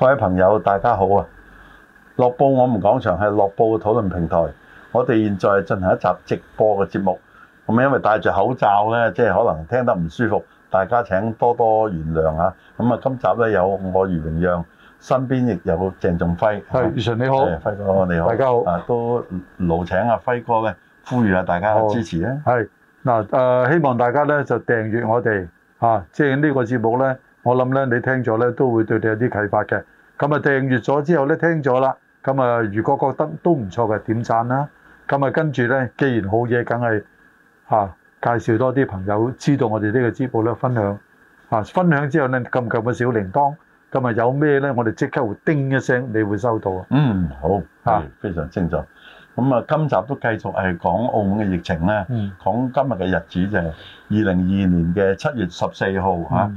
各位朋友，大家好啊！《樂報我們講場係《樂報討論平台，我哋現在進行一集直播嘅節目。咁啊，因為戴住口罩咧，即係可能聽得唔舒服，大家請多多原諒啊。咁啊，今集咧有我余榮讓，身邊亦有鄭仲輝。係，余順你好。輝哥，你好。大家好。啊，都勞請阿輝哥嘅，呼籲下大家支持咧。係嗱，誒、呃，希望大家咧就訂閱我哋啊，即係呢個節目咧。我諗咧，你聽咗咧都會對你有啲啟發嘅。咁啊，訂閱咗之後咧，聽咗啦。咁啊，如果覺得都唔錯嘅，點讚啦。咁啊，跟住咧，既然好嘢，梗係吓介紹多啲朋友知道我哋呢個支部咧，分享吓，分享之後咧，撳撳個小鈴鐺，咁啊有咩咧，我哋即刻會叮一聲，你會收到。嗯，好吓，非常清楚。咁啊，今集都繼續係講澳門嘅疫情咧，講今日嘅日子就係二零二二年嘅七月十四號吓，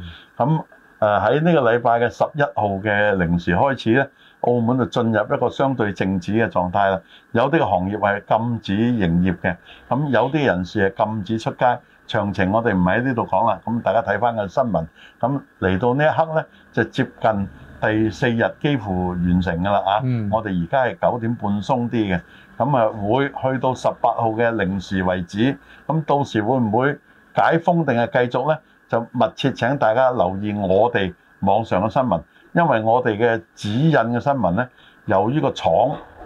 咁。誒喺呢個禮拜嘅十一號嘅零時開始咧，澳門就進入一個相對靜止嘅狀態啦。有啲嘅行業係禁止營業嘅，咁有啲人士係禁止出街。詳情我哋唔喺呢度講啦。咁大家睇翻個新聞。咁嚟到呢一刻咧，就接近第四日幾乎完成㗎啦啊！我哋而家係九點半鬆啲嘅，咁啊會去到十八號嘅零時為止。咁到時會唔會解封定係繼續咧？就密切請大家留意我哋網上嘅新聞，因為我哋嘅指引嘅新聞呢，由於個廠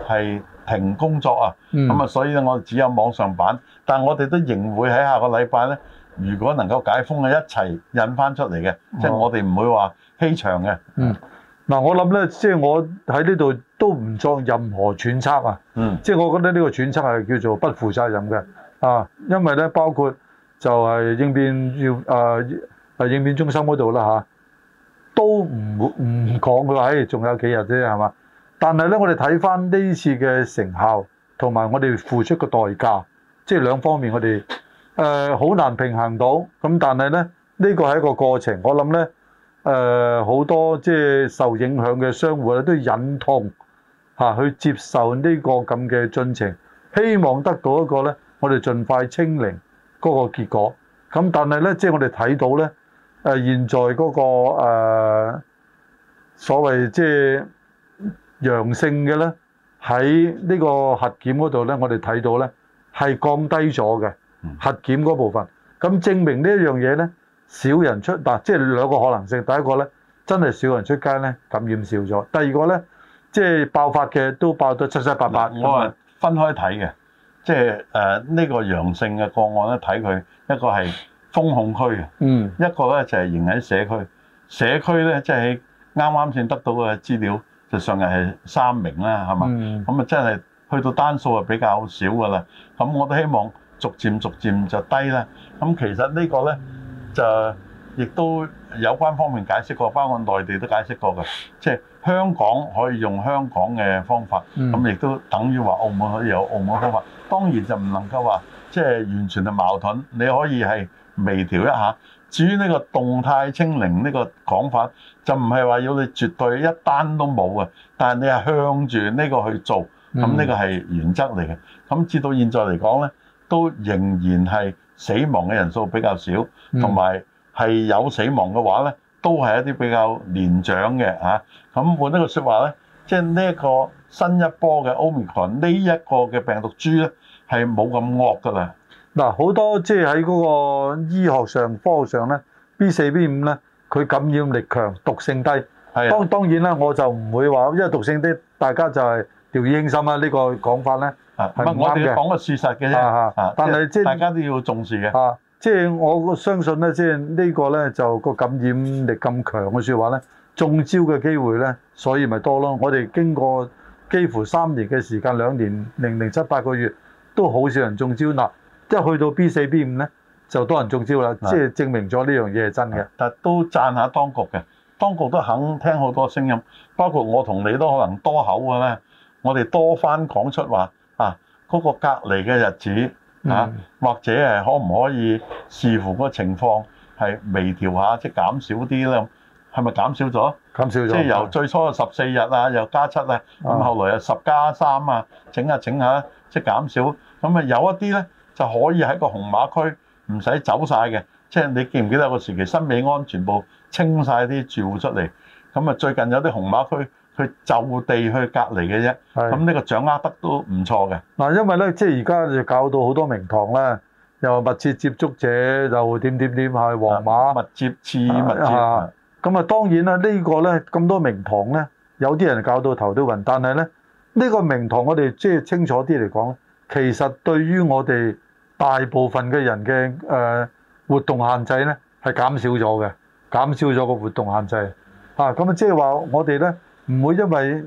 係停工作啊，咁、嗯、啊，所以咧我哋只有網上版，但我哋都仍會喺下個禮拜呢，如果能夠解封嘅一齊引翻出嚟嘅，即係我哋唔會話欺場嘅。嗯，嗱、就是嗯，我諗呢，即、就、係、是、我喺呢度都唔作任何揣測啊。嗯，即、就、係、是、我覺得呢個揣測係叫做不負責任嘅啊，因為呢包括。就係應變要誒誒應變中心嗰度啦嚇，都唔唔講佢話，誒仲有幾日啫係嘛？但係咧，我哋睇翻呢次嘅成效同埋我哋付出嘅代價，即係兩方面我哋誒好難平衡到。咁但係咧，呢個係一個過程。我諗咧誒好多即係受影響嘅商戶咧都忍痛嚇去接受呢個咁嘅進程，希望得到一個咧我哋盡快清零。嗰個結果，咁但係咧，即係我哋睇到咧，誒現在嗰個誒所謂即係陽性嘅咧，喺呢個核檢嗰度咧，我哋睇到咧係降低咗嘅核檢嗰部分。咁證明呢一樣嘢咧，少人出，但即係兩個可能性。第一個咧，真係少人出街咧，感染少咗；第二個咧，即係爆發嘅都爆到七七八八咁啊，我係分開睇嘅。即係誒呢個陽性嘅個案咧，睇佢一個係封控區嘅，一個咧就係仍喺社區。社區咧即係啱啱先得到嘅資料，就上日係三名啦，係嘛？咁啊真係去到單數係比較少噶啦。咁我都希望逐漸逐漸就低啦。咁其實呢個咧就亦都有關方面解釋過，包括內地都解釋過嘅，即係。香港可以用香港嘅方法，咁亦都等於話澳門可以有澳門嘅方法，嗯。當然就唔能夠話即係完全係矛盾，你可以係微調一下。至於呢個動態清零呢個講法，就唔係話要你絕對一單都冇嘅，但係你係向住呢個去做，咁呢個係原則嚟嘅。咁、嗯、至到現在嚟講咧，都仍然係死亡嘅人數比較少，同埋係有死亡嘅話咧。都係一啲比較年長嘅嚇、啊，咁換一個説話咧，即係呢一個新一波嘅 Omicron 呢一個嘅病毒株咧，係冇咁惡噶啦。嗱，好多即係喺嗰個醫學上、科學上咧，B 四、B 五咧，佢感染力強、毒性低。係、啊。當當然啦，我就唔會話，因為毒性低，大家就係掉以輕心、這個、啊。呢個講法咧係我哋講個事實嘅啫、啊。但係即係大家都要重視嘅。啊。即係我相信咧，即係呢個咧就個感染力咁強嘅說話咧，中招嘅機會咧，所以咪多咯。我哋經過幾乎三年嘅時間，兩年零零七八個月，都好少人中招啦。即係去到 B 四 B 五咧，B5，就多人中招啦。即係證明咗呢樣嘢係真嘅。但都讚下當局嘅，當局都肯聽好多聲音，包括我同你都可能多口嘅咧。我哋多番講出話啊，嗰個隔離嘅日子。啊，或者係可唔可以視乎嗰個情況係微調下，即係減少啲咧？係咪減少咗？減少咗，即係由最初嘅十四日啊，又加七啊，咁後來又十加三啊，整下整下即係減少。咁啊，有一啲咧就可以喺個紅馬區唔使走晒嘅，即係你記唔記得個時期新美安全部清晒啲住戶出嚟？咁啊，最近有啲紅馬區。佢就地去隔離嘅啫，咁呢個掌握得都唔錯嘅。嗱，因為咧，即係而家就搞到好多名堂啦，又密切接觸者又點點點，係黃碼密接，次密接。咁啊，當然啦，呢個咧咁多名堂咧，有啲人搞到頭都暈。但係咧，呢個名堂我哋即係清楚啲嚟講，其實對於我哋大部分嘅人嘅誒活動限制咧係減少咗嘅，減少咗個活動限制。啊，咁啊，即係話我哋咧。唔會因為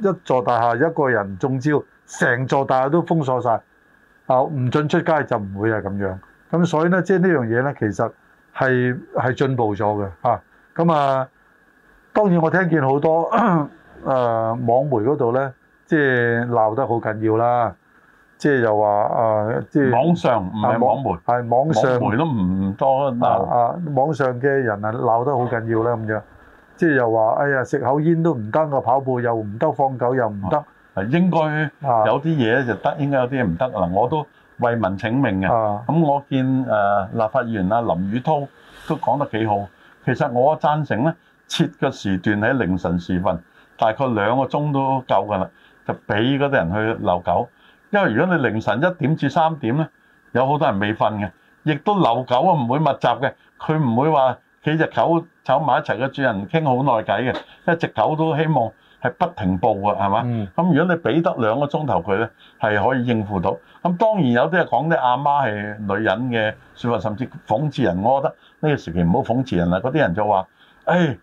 一座大廈一個人中招，成座大廈都封鎖曬啊，唔准出街就唔會係咁樣。咁所以咧，即係呢樣嘢咧，其實係係進步咗嘅嚇。咁啊，當然我聽見好多誒網媒嗰度咧，即係鬧得好緊要啦。即係又話誒，即係網上唔係網媒，係網上網媒都唔唔多鬧啊。網上嘅人啊，鬧得好緊要啦咁樣。即係又話，哎呀，食口煙都唔得，個跑步又唔得，放狗又唔得。係應該，有啲嘢咧就得，應該有啲嘢唔得。嗱，我都為民請命嘅。咁我見誒立法議員阿林宇滔都講得幾好。其實我贊成咧，切個時段喺凌晨時分，大概兩個鐘都夠㗎啦，就俾嗰啲人去遛狗。因為如果你凌晨一點至三點咧，有好多人未瞓嘅，亦都遛狗啊，唔會密集嘅，佢唔會話。幾隻狗走埋一齊嘅主人傾好耐偈嘅，一隻狗都希望係不停步啊，係嘛？咁、嗯、如果你俾得兩個鐘頭佢咧，係可以應付到。咁當然有啲係講啲阿媽係女人嘅說話，甚至諷刺人。我覺得呢個時期唔好諷刺人啦。嗰啲人就話：，誒、哎，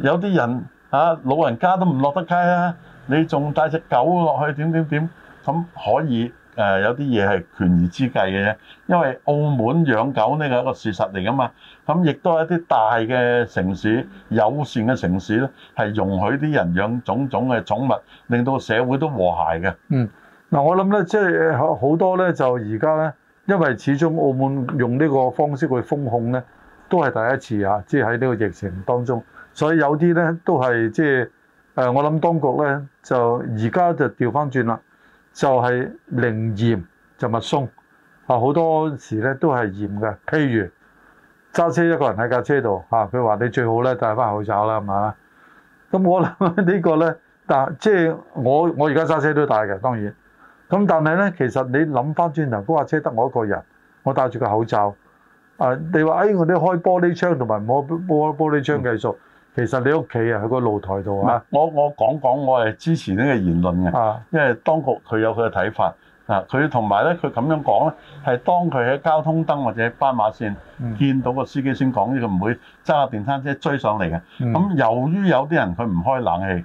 有啲人、啊、老人家都唔落得街啦、啊，你仲帶隻狗落去點點點？咁可以。誒，有啲嘢係權宜之計嘅啫，因為澳門養狗呢個係一個事實嚟噶嘛，咁亦都係一啲大嘅城市、友善嘅城市咧，係容許啲人養種種嘅寵物，令到社會都和諧嘅。嗯，嗱我諗咧，即係好多咧，就而家咧，因為始終澳門用呢個方式去封控咧，都係第一次呀。即係喺呢個疫情當中，所以有啲咧都係即係我諗當局咧就而家就調翻轉啦。就係、是、零嚴就是、密鬆嚇，好多時咧都係嚴嘅。譬如揸車一個人喺架車度嚇，佢話你最好咧戴翻口罩啦咁啊。咁我諗呢、這個咧，但即係我我而家揸車都戴嘅，當然。咁但係咧，其實你諗翻轉頭，嗰、那、架、個、車得我一個人，我戴住個口罩。誒、哎，你話誒我哋開玻璃窗同埋冇玻玻璃窗技術。嗯其實你屋企啊，喺個露台度啊，我我講講，我係支持呢個言論嘅、啊，因為當局佢有佢嘅睇法啊。佢同埋咧，佢咁樣講咧，係當佢喺交通燈或者斑馬線、嗯、見到個司機先講呢個，唔會揸下電單車追上嚟嘅。咁、嗯、由於有啲人佢唔開冷氣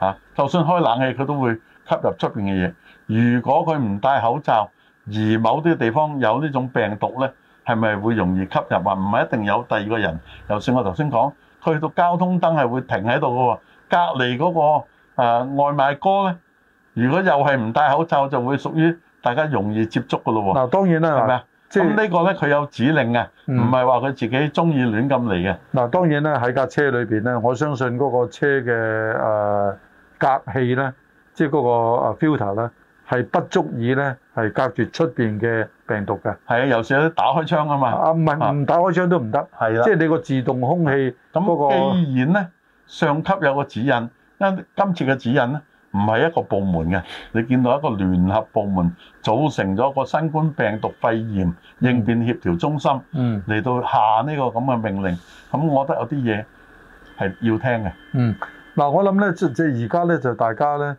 嚇、啊，就算開冷氣佢都會吸入出邊嘅嘢。如果佢唔戴口罩，而某啲地方有呢種病毒咧，係咪會容易吸入啊？唔係一定有第二個人。尤其是我頭先講。去到交通燈係會停喺度嘅喎，隔離嗰個、呃、外賣哥咧，如果又係唔戴口罩，就會屬於大家容易接觸㗎咯喎。嗱，當然啦，係咪？咁呢個咧佢有指令嘅，唔係話佢自己中意亂咁嚟嘅。嗱、嗯、當然啦，喺架車裏面咧，我相信嗰個車嘅誒、呃、隔氣咧，即係嗰個 filter 咧。係不足以咧，係隔住出邊嘅病毒嘅。係啊，尤其打開窗啊嘛。啊，唔係唔打開窗都唔得。係啊。即係你個自動空氣咁，既然咧上級有個指引，因今次嘅指引咧唔係一個部門嘅，你見到一個聯合部門組成咗個新冠病毒肺炎應變協調中心嚟到下呢個咁嘅命令。咁我覺得有啲嘢係要聽嘅。嗯。嗱，我諗咧，即即係而家咧就大家咧。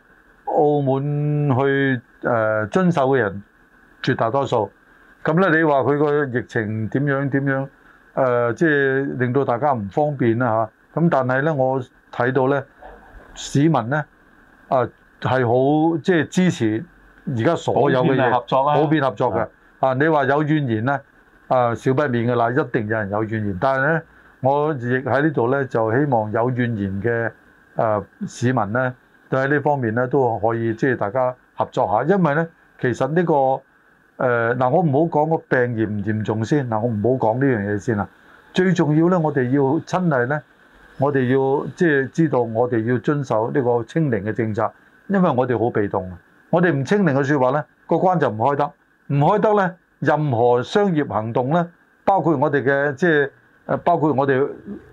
澳門去誒遵守嘅人絕大多數，咁咧你話佢個疫情點樣點樣誒？即係令到大家唔方便啦嚇。咁、啊、但係咧，我睇到咧市民咧啊係好即係支持而家所有嘅嘢，普遍合作啦、啊，普遍合作嘅。啊，你話有怨言咧啊，少不免嘅啦，一定有人有怨言，言。但係咧，我亦喺呢度咧就希望有怨言嘅誒、啊、市民咧。就喺呢方面咧，都可以即係大家合作下，因為咧，其實呢、這個誒，嗱、呃，我唔好講個病嚴唔嚴重先，嗱，我唔好講呢樣嘢先啦。最重要咧，我哋要親力咧，我哋要即係知道，我哋要遵守呢個清零嘅政策，因為我哋好被動。我哋唔清零嘅說話咧，個關就唔開得，唔開得咧，任何商業行動咧，包括我哋嘅即係誒，包括我哋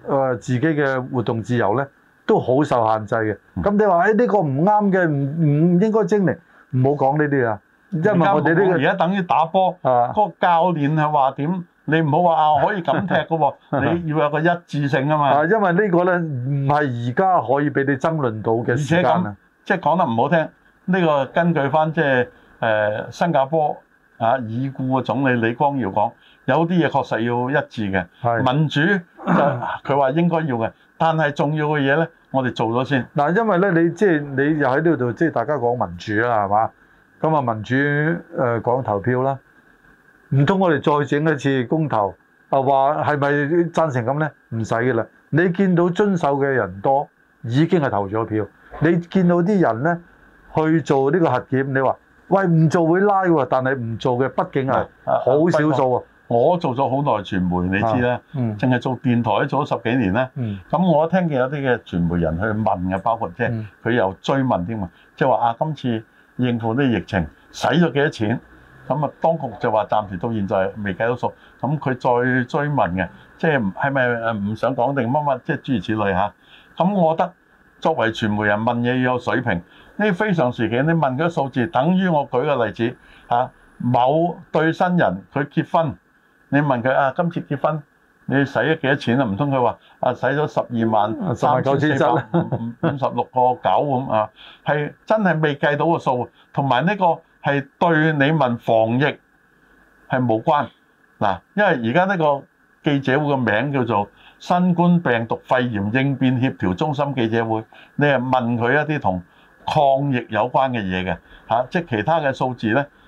誒自己嘅活動自由咧。都好受限制嘅，咁你話呢、哎呢個唔啱嘅，唔唔應該精力唔好講呢啲啊。因為我哋呢個而家等於打波，個教練係話點，你唔好話可以咁踢嘅喎，你要有個一致性啊嘛。因為呢個咧唔係而家可以俾你爭論到嘅時間啊。而且咁即係講得唔好聽，呢、呢個根據翻即係新加坡啊已故嘅總理李光耀講，有啲嘢確實要一致嘅。民主，佢話 應該要嘅，但係重要嘅嘢咧。我哋做咗先，嗱，因為咧，你即係你又喺呢度度，即係大家講民主啦，係嘛？咁啊，民主誒講投票啦，唔通我哋再整一次公投啊？話係咪贊成咁咧？唔使噶啦，你見到遵守嘅人多，已經係投咗票。你見到啲人咧去做呢個核檢，你話喂唔做會拉喎，但係唔做嘅畢竟係好少數喎。我做咗好耐傳媒，你知啦，淨係做電台做咗十幾年咧。咁我聽見有啲嘅傳媒人去問嘅，包括即係佢又追問添啊，即係話啊，今次應付啲疫情使咗幾多錢？咁啊，當局就話暫時到現在未計到數。咁佢再追問嘅，即係係咪唔想講定乜乜？即係諸如此類嚇。咁我覺得作為傳媒人問嘢要有水平。呢非常時期你問嗰啲數字，等於我舉個例子嚇，某對新人佢結婚。你問佢啊，今次結婚你使咗幾多錢他說啊？唔通佢話啊，使咗十二萬三千四百五十六個九咁啊？係真係未計到個數，同埋呢個係對你問防疫係冇關嗱，因為而家呢個記者會嘅名叫做新冠病毒肺炎應變協調中心記者會，你係問佢一啲同抗疫有關嘅嘢嘅嚇，即係其他嘅數字咧。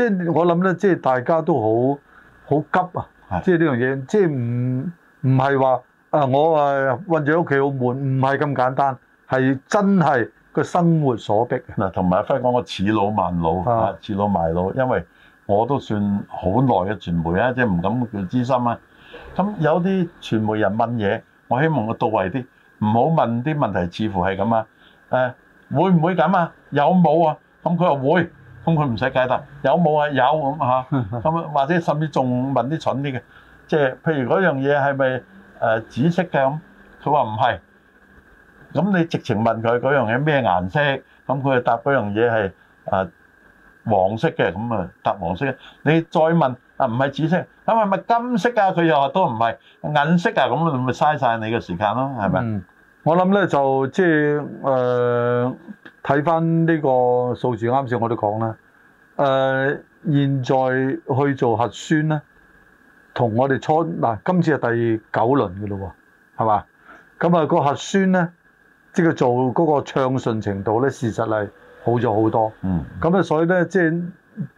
即係我諗咧，即係大家都好好急啊！即係呢樣嘢，即係唔唔係話啊，我啊困住喺屋企好悶，唔係咁簡單，係真係個生活所逼。嗱，同埋阿輝講個似老萬老啊，似老賣老，因為我都算好耐嘅傳媒啦，即係唔敢叫資深啊。咁有啲傳媒人問嘢，我希望我到位啲，唔好問啲問題，似乎係咁啊。誒，會唔會咁啊？有冇啊？咁佢又會。咁佢唔使解答，有冇啊？有咁嚇，咁或者甚至仲問啲蠢啲嘅，即係譬如嗰樣嘢係咪誒紫色嘅咁？佢話唔係，咁你直情問佢嗰樣嘢咩顏色？咁佢就答嗰樣嘢係誒黃色嘅，咁啊答黃色。你再問啊，唔係紫色，咁係咪金色啊？佢又話都唔係銀色啊，咁咪嘥曬你嘅時間咯，係咪？嗯。我諗咧就即係誒，睇翻呢個數字啱先，我都講啦。誒、呃，現在去做核酸咧，同我哋初嗱、啊、今次係第九輪嘅咯喎，係嘛？咁啊，個核酸咧，即係做嗰個暢順程度咧，事實係好咗好多、嗯嗯、多。嗯。咁啊，所以咧，即係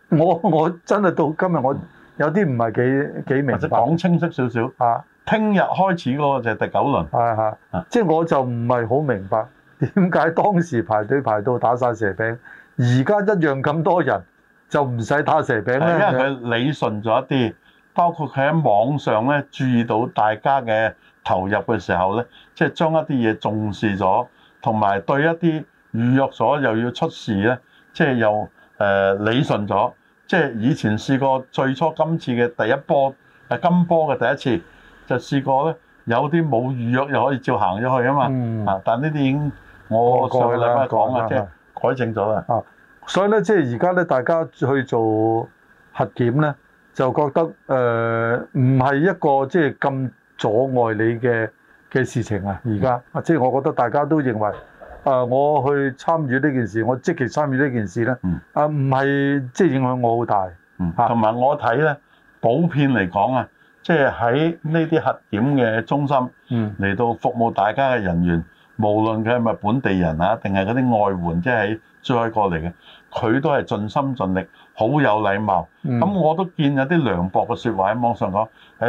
我我真係到今日，我有啲唔係幾幾明，講清晰少少。啊。聽日開始嗰個就第九輪，係係，即係我就唔係好明白點解當時排隊排到打晒蛇餅，而家一樣咁多人就唔使打蛇餅咧，因為佢理順咗一啲，包括佢喺網上咧注意到大家嘅投入嘅時候咧，即係將一啲嘢重視咗，同埋對一啲預約咗又要出事咧，即係又誒理順咗。即係以前試過最初今次嘅第一波誒金波嘅第一次。就試過咧，有啲冇預約又可以照行咗去啊嘛。啊、嗯，但呢啲已經我上個禮拜講嘅啫，即係改正咗啦。啊，所以咧，即係而家咧，大家去做核檢咧，就覺得誒唔係一個即係咁阻礙你嘅嘅事情啊。而家啊，即、嗯、係我覺得大家都認為啊，我去參與呢件事，我積極參與呢件事咧，啊，唔係即係影響我好大。同、嗯、埋、嗯、我睇咧，普遍嚟講啊。即係喺呢啲核檢嘅中心嚟到服務大家嘅人員，嗯、無論佢係咪本地人啊，定係嗰啲外援，即係喺珠海過嚟嘅，佢都係盡心盡力，好有禮貌。咁、嗯、我都見有啲涼薄嘅說話喺網上講，誒、哎，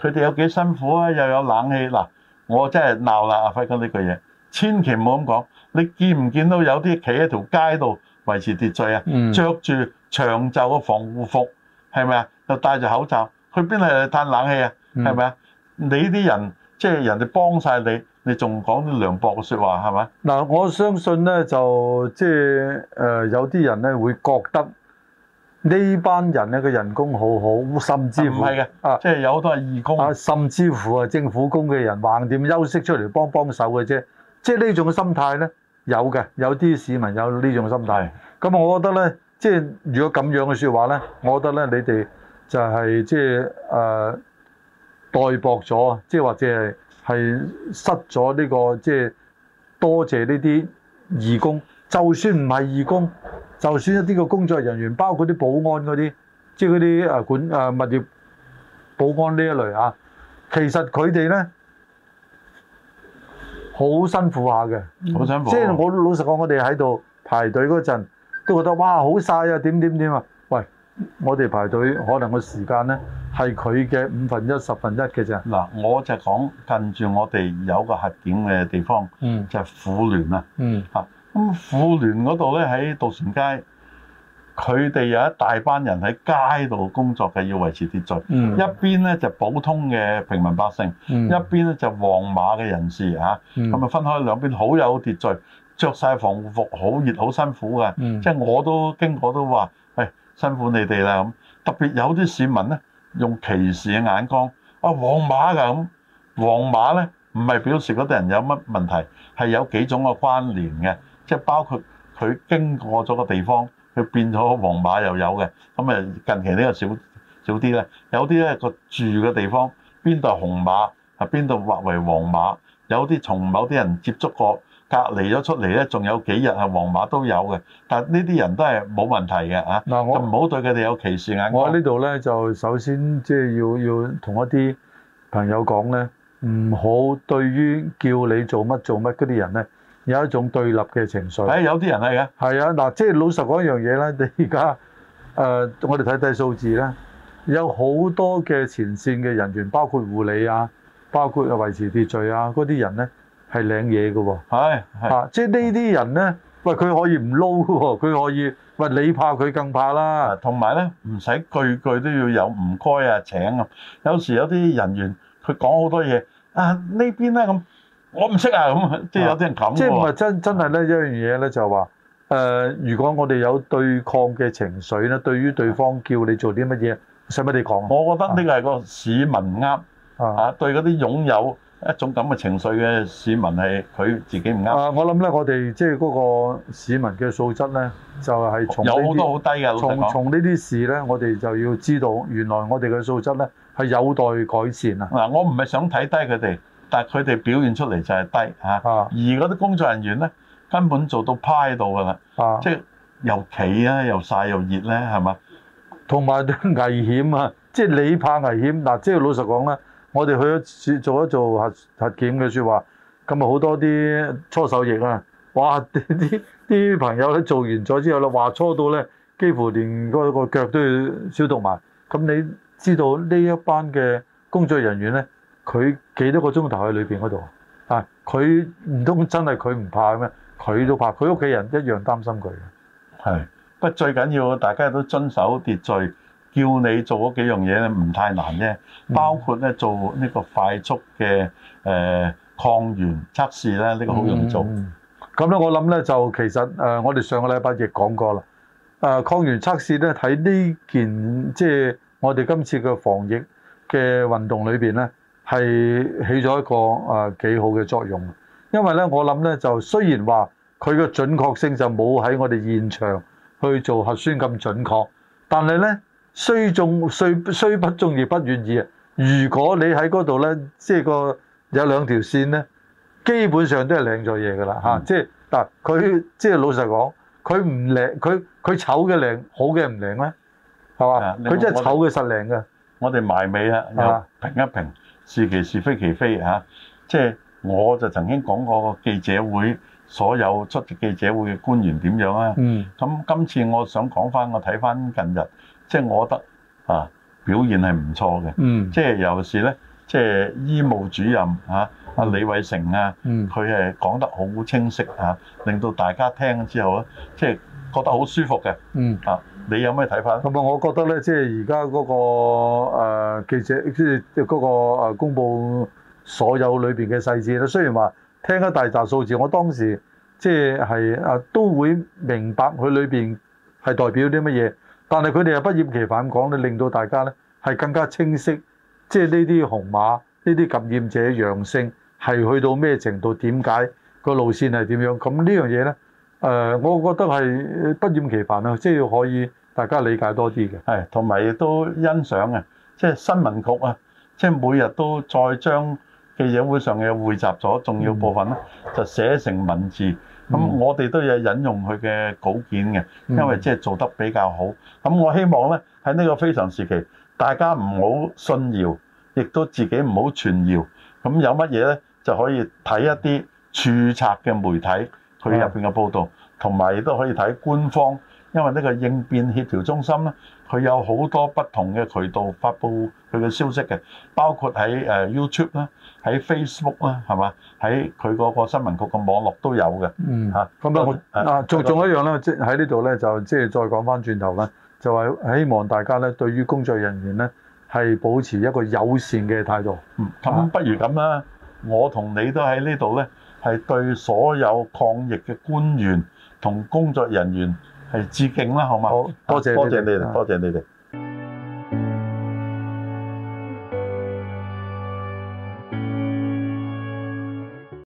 佢哋有幾辛苦啊，又有冷氣嗱，我真係鬧啦，阿輝哥呢句嘢，千祈唔好咁講。你見唔見到有啲企喺條街度維持秩序啊？着、嗯、住長袖嘅防護服，係咪啊？又戴住口罩。去邊度嚟嘆冷氣啊？係咪啊？你啲人即係、就是、人哋幫晒你，你仲講啲涼薄嘅説話係咪？嗱，我相信咧就即係誒有啲人咧會覺得呢班人咧嘅人工好好，甚至乎，唔係嘅、就是、啊，即係有好多係義工啊，甚至乎啊政府工嘅人橫掂休息出嚟幫幫手嘅啫，即係呢種心態咧有嘅，有啲市民有呢種心態。咁我覺得咧即係如果咁樣嘅説話咧，我覺得咧你哋。就係即係誒代薄咗，即係或者係係失咗呢個即係多謝呢啲義工。就算唔係義工，就算一啲個工作人員，包括啲保安嗰啲，即係嗰啲誒管誒物業保安呢一類啊，其實佢哋咧好辛苦下嘅。好辛苦啊！即係我老實講，我哋喺度排隊嗰陣，都覺得哇好晒啊！點點點啊！我哋排隊可能個時間咧係佢嘅五分一、十分一嘅啫。嗱，我就講近住我哋有一個核檢嘅地方，嗯、就婦、係、聯啊。嗯。嚇、啊，咁婦聯嗰度咧喺渡船街，佢哋有一大班人喺街度工作嘅，要維持秩序。嗯。一邊咧就是、普通嘅平民百姓，嗯、一邊咧就皇、是、馬嘅人士嚇，咁啊、嗯、分開兩邊好有秩序，着晒防護服，好熱，好辛苦嘅。即、嗯、係、就是、我都經過都話。辛苦你哋啦。咁，特別有啲市民咧用歧視嘅眼光，啊，黃碼㗎咁，黃碼咧唔係表示嗰啲人有乜問題，係有幾種嘅關聯嘅，即係包括佢經過咗個地方，佢變咗黃碼又有嘅，咁近期個小小呢個少少啲咧，有啲咧個住嘅地方邊度紅碼係邊度劃為黃碼，有啲從某啲人接觸過。隔離咗出嚟咧，仲有幾日啊皇馬都有嘅，但係呢啲人都係冇問題嘅嚇，就唔好對佢哋有歧視眼光。我喺呢度咧就首先即係要要同一啲朋友講咧，唔好對於叫你做乜做乜嗰啲人咧，有一種對立嘅情緒。誒有啲人係嘅，係啊嗱，即係老實講一樣嘢啦。你而家誒，我哋睇睇數字啦，有好多嘅前線嘅人員，包括護理啊，包括維持秩序啊，嗰啲人咧。係領嘢嘅喎，係，啊，即係呢啲人咧，喂，佢可以唔撈喎，佢可以，喂，你怕佢更怕啦，同埋咧唔使句句都要有唔該啊請啊，有時有啲人員佢講好多嘢啊呢邊咧、啊、咁，我唔識啊咁、啊，即係有啲人噉喎，即係咪真真係咧一樣嘢咧就係話，誒、呃，如果我哋有對抗嘅情緒咧，對於對方叫你做啲乜嘢，使、啊、唔使你講？我覺得呢個係個市民唔啊，啊，啊，對嗰啲擁有。一種咁嘅情緒嘅市民係佢自己唔啱。啊，我諗咧，我哋即係嗰個市民嘅素質咧，就係從有好多好低嘅老實講。從呢啲事咧，我哋就要知道，原來我哋嘅素質咧係有待改善啊！嗱，我唔係想睇低佢哋，但係佢哋表現出嚟就係低嚇、啊。而嗰啲工作人員咧，根本做到趴喺度㗎啦。是啊，即係又企咧，又曬又熱咧，係嘛？同埋危險啊！即係你怕危險嗱，即係老實講咧。我哋去咗做一做核核檢嘅説話，咁咪好多啲搓手液啊！哇，啲啲朋友咧做完咗之後啦，話搓到咧幾乎連嗰個腳都要消毒埋。咁你知道呢一班嘅工作人員咧，佢幾多個鐘頭喺裏邊嗰度啊？佢唔通真係佢唔怕咩？佢都怕，佢屋企人一樣擔心佢。係，不過最緊要大家都遵守秩序。叫你做嗰幾樣嘢咧，唔太難啫。包括咧做呢個快速嘅誒抗原測試咧，呢個好容易做。嗯，咁咧，我諗咧就其實誒，我哋上個禮拜亦講過啦。誒抗原測試咧，喺呢件即係我哋今次嘅防疫嘅運動裏邊咧，係起咗一個誒幾好嘅作用。因為咧，我諗咧就雖然話佢嘅準確性就冇喺我哋現場去做核酸咁準確，但係咧。雖中雖雖不中意不願意啊！如果你喺嗰度咧，即係個有兩條線咧，基本上都係領咗嘢噶啦嚇，即係嗱，佢即係老實講，佢唔靚，佢佢醜嘅靚，好嘅唔靚咧，係嘛？佢真係醜嘅實靚嘅。我哋埋尾啦，又評一評是，是其是非其非嚇，即、啊、係、即係、我就曾經講過記者會所有出席記者會嘅官員點樣啊。咁、嗯、今次我想講翻，我睇翻近日。即、就、係、是、即係我覺得啊，表現係唔錯嘅。嗯，即係尤其是咧，即係醫務主任啊，阿李偉成啊，佢係講得好清晰啊，令到大家聽之後咧，即、就、係、是、即係覺得好舒服嘅。嗯，啊，你有咩睇法咧？同埋我覺得咧，即係而家嗰個誒記者即係嗰個誒公佈所有裏邊嘅細節咧。雖然話聽一大集數字，我當時即係係啊都會明白佢裏邊係代表啲乜嘢。但係佢哋嘅不厭其煩講咧，令到大家咧係更加清晰，即係呢啲紅碼、呢啲感染者陽性係去到咩程度，點解個路線係點樣？咁呢樣嘢咧，誒，我覺得係不厭其煩啦，即係要可以大家理解多啲嘅，同埋亦都欣賞嘅，即係新聞局啊，即係每日都再將記者會上嘅匯集咗重要部分咧，就寫成文字。咁、嗯、我哋都有引用佢嘅稿件嘅，因為即係做得比較好。咁我希望咧喺呢個非常時期，大家唔好信謠，亦都自己唔好傳謠。咁有乜嘢咧，就可以睇一啲註冊嘅媒體佢入邊嘅報道，同埋亦都可以睇官方。因為呢個應變協調中心咧，佢有好多不同嘅渠道發佈佢嘅消息嘅，包括喺誒 YouTube 啦，喺 Facebook 啦，係嘛？喺佢嗰個新聞局嘅網絡都有嘅。嗯。嚇咁樣啊，仲仲、啊、一樣咧，即喺呢度咧就即係再講翻轉頭啦，就係希望大家咧對於工作人員咧係保持一個友善嘅態度。咁、嗯、不如咁啦、嗯，我同你都喺呢度咧，係對所有抗疫嘅官員同工作人員，係致敬啦，好嘛？好多謝你們，多謝你哋。